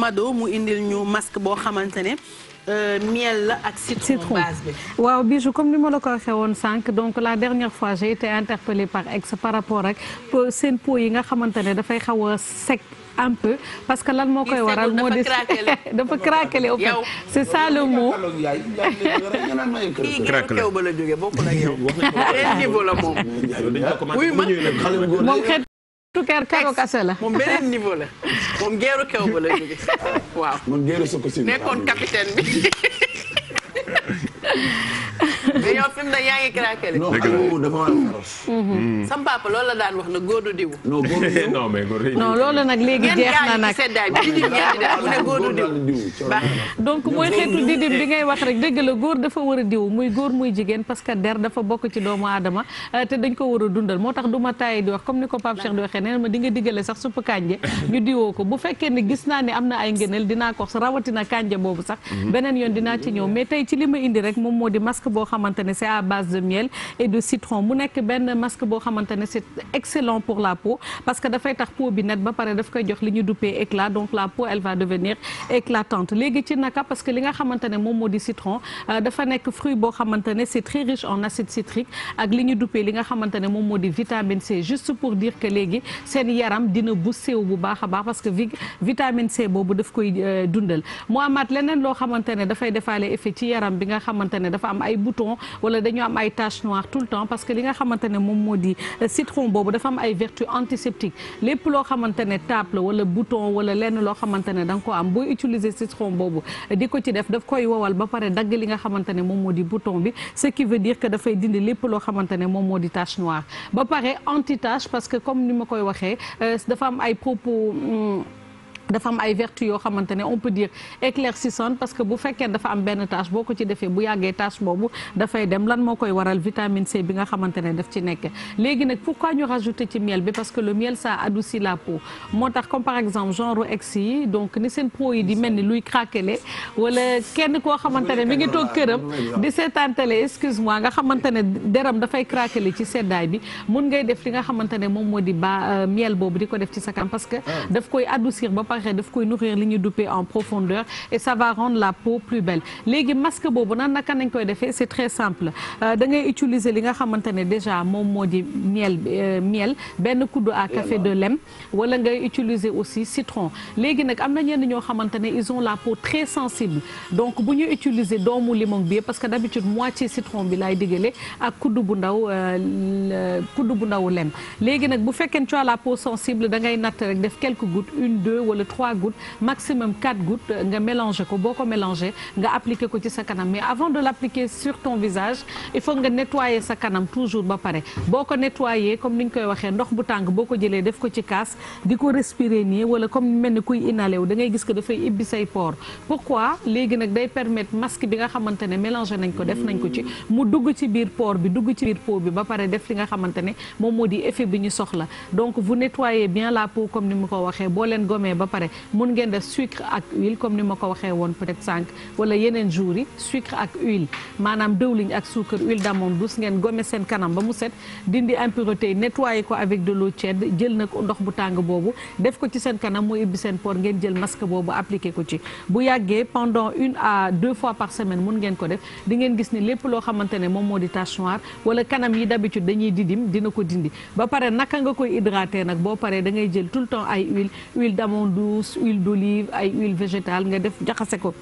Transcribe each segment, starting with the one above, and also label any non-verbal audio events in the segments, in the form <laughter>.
Mado mu indil ñu masque boo xamante ne miel la ak citron base bi waaw bijou comme ni ma la ko waxee woon sànq donc la dernière fois j'ai été interpellée par ex par rapport ak seen peau yi nga xamante ne dafay xaw a sek un peu parce que lan moo koy waral moo di dafa craquelé au fait c'est ça le mot craquelé moom xeet tu kër kero kase la moom beneen niveau la moom geeru kew ba la jóge <laughs> waaw moom geeru soko si nekkoon capitaine <laughs> bi mais yow fi mu ne la dafa war a sam papa loolu la daan wax na góodu diw. non góodu diw <laughs> non mais góodu nag léegi jeex nag donc mooy xeetu didim bi ngay wax rek dëgg la góor dafa war a diw muy góor muy jigéen parce que der dafa bokk ci doomu aadama euh, te dañ ko war a dundal moo tax du ma taay di wax comme ni ko Pape Cheikh di waxee nee na ma di nga diggale sax suppu kànje ñu diwoo ko bu fekkee ne gis naa ne am na ay ngëneel dinaa ko rawatina kànje boobu sax mm-hmm. beneen yoon dinaa ci ñëw mais tey ci li indi rek moom moo di masque boo xamante xamante ne c'est à base de miel et de citron mu nekk li ñu duppee éclat donc la peau elle va devenir éclatante léegi ci naka parce que li nga xamante moom moo di citron euh, dafa nekk fruit boo xamante ne c'est très riche en acide citrique ak li nga xamante moom moo di vitamine C juste pour dire que léegi seen yaram dina boosté wu bu baax a baax parce que vitamine C boobu daf koy euh, dundal mu amaat leneen loo xamante ne dafay defaale effet ci yaram bi nga xamante ne dafa am ay boutons wala dañu am ay taches noires tout le temps parce que li nga xamante ne moom moo di euh, citron boobu dafa am ay vertu antiseptique lépp loo xamante ne taab la wala bouton wala lenn loo xamante ne da ko am boo utiliser citron boobu euh, di ko ci def daf koy wowal ba pare dagg li nga xamante ne moom moo di bouton bi ce qui veut dire que dafay dindi lépp loo xamante ne moom moo di tache noire ba pare anti tache parce que comme ni ma koy waxee euh, dafa am ay propos hmm, dafa am ay vertu yoo xamante ne on parce que bu fekkee dafa am benn tâche boo ko ci defee bu yàggee tâche boobu dafay dem lan moo koy waral vitamine C bi nga xamante ne daf ci nekke léegi nag pourquoi ñu rajouter ci miel bi parce que le miel ça adoucit la peau moo tax comme par exemple genre ex yi donc ni seen peau yi di mel ni luy craquelé wala kenn koo xamante ne mi ngi toog këram di seetaantale excuse moi nga xamante ne deram dafay craquelé ci seddaay bi mun ngay def li nga xamante ne moom moo di ba euh, miel boobu di ko def ci sa parce que ah. daf koy adoucir waxee daf koy nourrir li ñuy duppee en profondeur et ça va rendre la peau plus belle léegi masque boobu nan naka nañ koy defee c'est très simple euh, da ngay utiliser li nga xamante ne déjà moom moo di miel euh, miel benn kuddu à café de lem wala ngay utiliser aussi citron léegi nag am na ñenn ñoo xamante ne ils ont la peau très sensible donc bu ñu utiliser doomu limon bi parce que d'habitude moitié citron bi laay digale ak kuddu bu ndaw euh, kuddu bu ndaw lem léegi nag bu fekkee tu trois gouttes maximum quatre gout nga mélangé ko boo ko mélangé nga appliqué ko ci sa kanam mais avant de l' appliquer sur ton visage il faut nga nettoyer sa kanam toujours ba pare boo ko nettoyer comme ni ñu koy waxee ndox bu tàng boo ko jëlee def ko ci kaas di ko respirer nii wala comme mel ni kuy inhalé wu da ngay gis que dafay ibbi say pores pourquoi léegi nag day permettre masque bi nga xamante ne mélangé nañ ko def nañ ko ci mu dugg ci biir pore bi dugg ci biir peau bi ba pare def li nga xamante ne moom moo di effet bi ñu soxla donc bu nettoyez bien la peau comme ni mu ko waxee boo leen gomee ba pare pare mun ngeen def sucre ak huile comme ni ma ko waxee woon peut-être wala yeneen jours sucre ak huile maanaam dëwliñ ak suukar huile d'amande douce ngeen gome seen kanam ba mu set dindi impureté yi ko avec de l'eau tiède jël na ko ndox bu tàng boobu def ko ci seen kanam mu ibbi seen port ngeen jël masque boobu appliqué ko ci bu yàggee pendant une à deux fois par semaine mun ngeen ko def di ngeen gis ni lépp loo xamante ne moom moo di tache wala kanam yi d'habitude da ngay jël tout le temps ay huile huile douce huile d'olive ay huile végétale nga def jaxase ko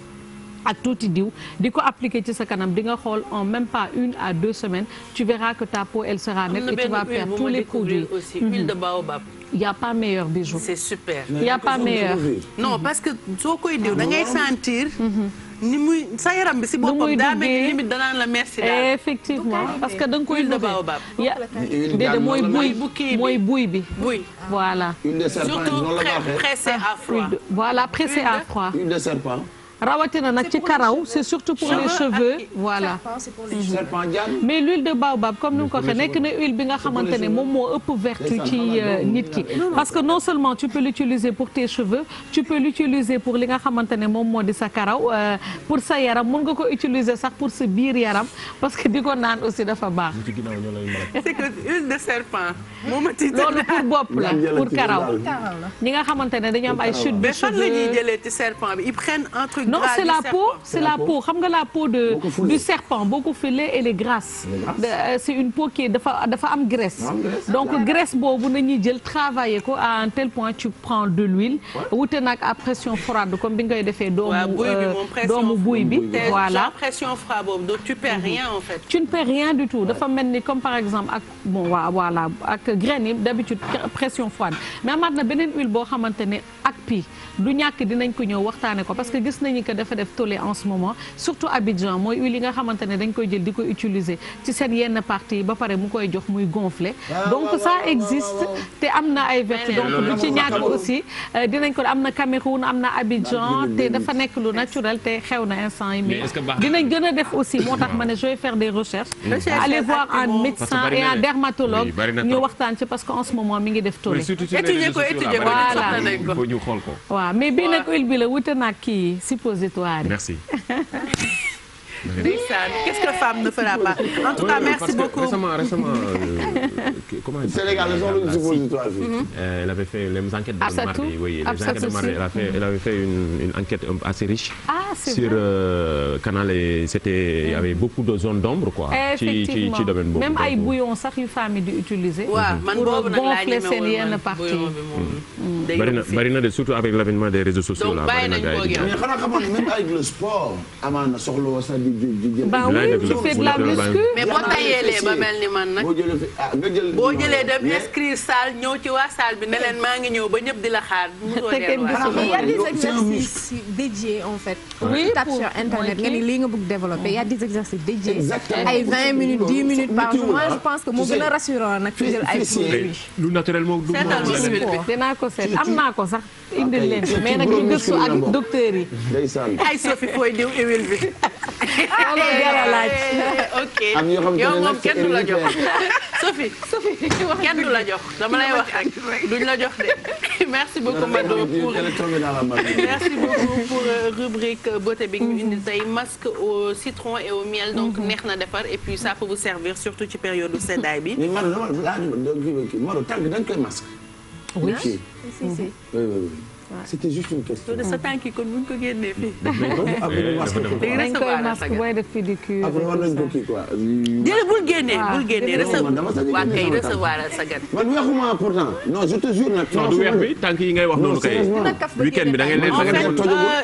ak tuuti diw di ko appliquer ci sa kanam di nga xool en même pas une à deux semaines tu verras que ta peau elle sera nette et tu vas faire tous les produits aussi huile mhm. de baobab y a pas meilleur bijou c'est super y a pas meilleur non parce que soo koy diw ah, da ngay sentir mhm. ni muy sa yaram bi si boppam daa mel ni limite danaan la merci daal effectivement parce que da nga koy lëbe déedéet mooy buy mooy buy bi buy voilà surtout pressé à ah, froid voilà pressé à froid huile de serpent rawatina nag ci karaw c'est surtout pour les cheveux voilà mais l'huile de baobab comme ni nga ko waxee nekk na huile bi nga xamante ne moom moo ëpp vertu ci euh, nit ki parce que non seulement tu peux l'utiliser pour tes cheveux tu peux l'utiliser pour li nga xamante ne moom moo di sa karaw euh, pour sa yaram mun nga ko utiliser sax pour sa biir yaram parce que di ko naan aussi dafa baax c'est que huile de serpent loolu pour bopp la pour karaw ñi nga xamante ne ay chute de cheveux mais fan non c'est la peau c'est la peau xam nga la peau de du serpent boo ko filee elle est grasse euh, c'est une peau qui dafa dafa am graisse donc graisse boobu nañuy jël travailler ko à un tel point tu prends de l'huile wute nag à pression froide comme bi ngay defee doomu euh, doomu bi voilà pression froide boobu donc tu perds mhm. rien en fait ne perds rien du tout dafa mel ni comme par exemple ak bon waa voilà ak graine yi d'habitude pression froide mais amaat na beneen huile boo xamante ne ak pi du ñàkk dinañ ko ñëw waxtaane ko parce que gis nañ Dominica dafa def tollé en ce moment surtout Abidjan mooy huile yi nga xamante ne dañ koy jël di ko utiliser ci seen yenn partie yi ba pare mu koy jox muy gonflé ah, donc ça existe te am na ay vertu donc du ci ñàkk aussi euh, dinañ ko am na Cameroun am na Abidjan te dafa nekk lu naturel te xew na instant yi mais dinañ gën a def aussi moo tax ma ne je vais faire des recherches aller voir un médecin et un dermatologue ñu waxtaan ci parce que en ce moment mi ngi def tollé étudier ko étudier ko voilà waaw mais bii nag huile bi la wute naag kii suppositoire yi. merci. <laughs> ndeysaan qu'est-ce que femme ne fera pas en tout cas merci beaucoup récemment récemment. Euh, comment elle Sénégal, les gens le suppositoire. Euh, elle avait fait les enquêtes de ah, mardi. Ah, a fait, elle avait fait euh, ah, euh, c'était il mm. beaucoup de zones d'ombre quoi. ci ci ci ay bouillon sax yu famille di utiliser. waaw man boobu mm. na bari na de surtout avec l'avènement des réseaux sociaux là. donc le sport. amaa de la muscu mais boo tayeelee ba mel ni man nag. nga boo jëlee dem inscrire salle ñëw ci waa salle bi ne leen maa ngi ñëw ba ñëpp di la xaar. <laughs> te kenn ah, ah, il y a des ah, exercices lii nga bëgg développer il y a des exercices dédiés. ay 20 minutes 10 minutes par jour moi je pense moo a ko seet am naa ko sax indil leen mais nag ñu gëstu ak docteur yi. ay sofi fooy <laughs> a laaj. <laughs> la jox. Sophie Sophie <laughs> kenn du la jox dama lay wax rek duñ la jox de. <laughs> merci beaucoup Mado pour merci beaucoup pour euh, rubrique euh, beauté bi ñu indi tey masque au citron et au miel. donc mhm. neex na defar et puis ça peut vous servir surtout ci période seddaay bi. mais Mado dama la laaj Mado tànk dañ koy masque. oui ah, si si c'était juste une question. sa tànk yi kon buñ ko génnee fii. dañ koy masque booy def pédicure. après war nañ ko kii quoi. jërëjëf bul génnee bul génnee recevoir kay recevoir sa gan. man weexuma pourtant non je te jure nag. non du weex bi tànk yi ngay wax noonu kay. week-end bi da ngay leen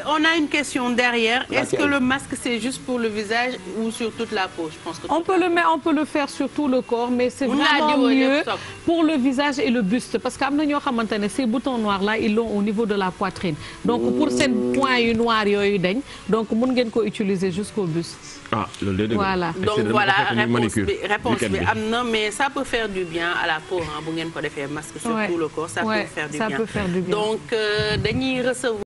on a une question derrière est-ce que le masque c'est juste pour le visage ou sur toute la peau je pense que. on peut le mais on peut le faire sur tout le corps mais c'est vraiment mieux pour le visage et le buste parce que am na ñoo xamante ne ces boutons noirs là ils l'ont au niveau de la poitrine donc pour seen point yu noir yooyu dañ donc mun ngeen ko utiliser jusqu'au buste ah, voilà donc voilà réponse bi am na mais ça peut faire du bien à la peau bu ngeen ko defee masque sur tout le corps ça peut faire du bien donc euh, dañuy recevoir